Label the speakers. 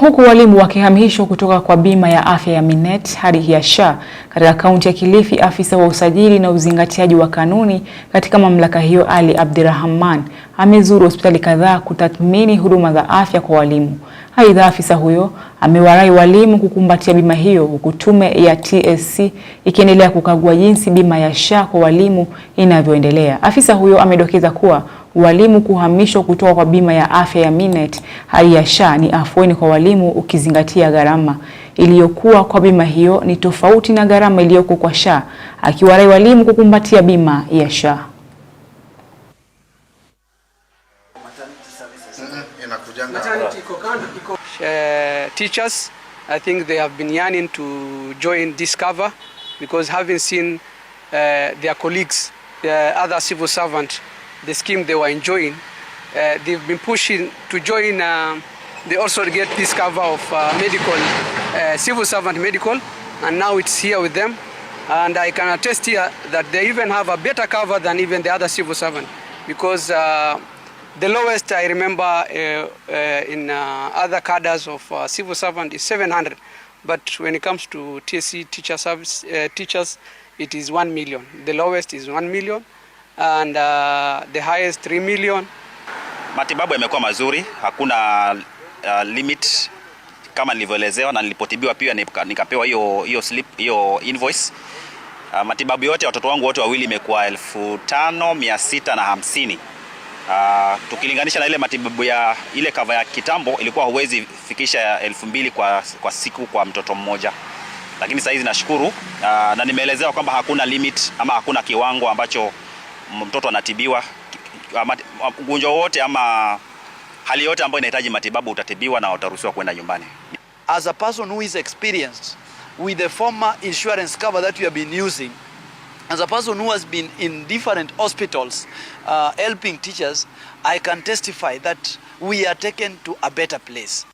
Speaker 1: huku walimu wakihamishwa kutoka kwa bima ya afya ya Minet hadi ya SHA katika kaunti ya Kilifi. Afisa wa usajili na uzingatiaji wa kanuni katika mamlaka hiyo Ali Abdirahman amezuru hospitali kadhaa kutathmini huduma za afya kwa walimu. Aidha, afisa huyo amewarai walimu kukumbatia bima hiyo huku tume ya TSC ikiendelea kukagua jinsi bima ya SHA kwa walimu inavyoendelea. Afisa huyo amedokeza kuwa walimu kuhamishwa kutoka kwa bima ya afya ya Minet hadi ya SHA ni afueni kwa walimu ukizingatia gharama iliyokuwa kwa bima hiyo ni tofauti na gharama iliyoko kwa SHA, akiwarai walimu kukumbatia bima ya SHA.
Speaker 2: Uh, teachers, I think they have been yearning to join Discover because having seen uh, their colleagues, the eh, other civil servant, the scheme they were enjoying, uh, they've been pushing to join. Uh, they also get Discover of uh, medical, uh, civil servant medical, and now it's here with them. And I can attest here that they even have a better cover than even the other civil servant because uh, The lowest I remember uh, uh, in uh, other cadres of uh, civil servant is 700 but when it comes to TSC teacher service, uh, teachers it is 1 million. The lowest is 1 million and uh, the highest 3 million.
Speaker 3: Matibabu yamekuwa mazuri, hakuna uh, limit kama nilivyoelezewa na nilipotibiwa pia nikapewa hiyo hiyo slip hiyo invoice. Uh, matibabu yote watoto wangu wote wawili imekuwa elfu tano mia sita na hamsini. Uh, tukilinganisha na ile matibabu ya ile kava ya kitambo ilikuwa huwezi fikisha elfu mbili kwa, kwa siku kwa mtoto mmoja, lakini saizi nashukuru uh, na nimeelezewa kwamba hakuna limit ama hakuna kiwango ambacho mtoto anatibiwa. Ah, ugonjwa wote ama hali yote ambayo inahitaji matibabu utatibiwa na utaruhusiwa kwenda nyumbani.
Speaker 2: As a person who is experienced with the former insurance cover that you have been using As a person who has been in different hospitals uh, helping teachers, I can testify that we are taken to a better place.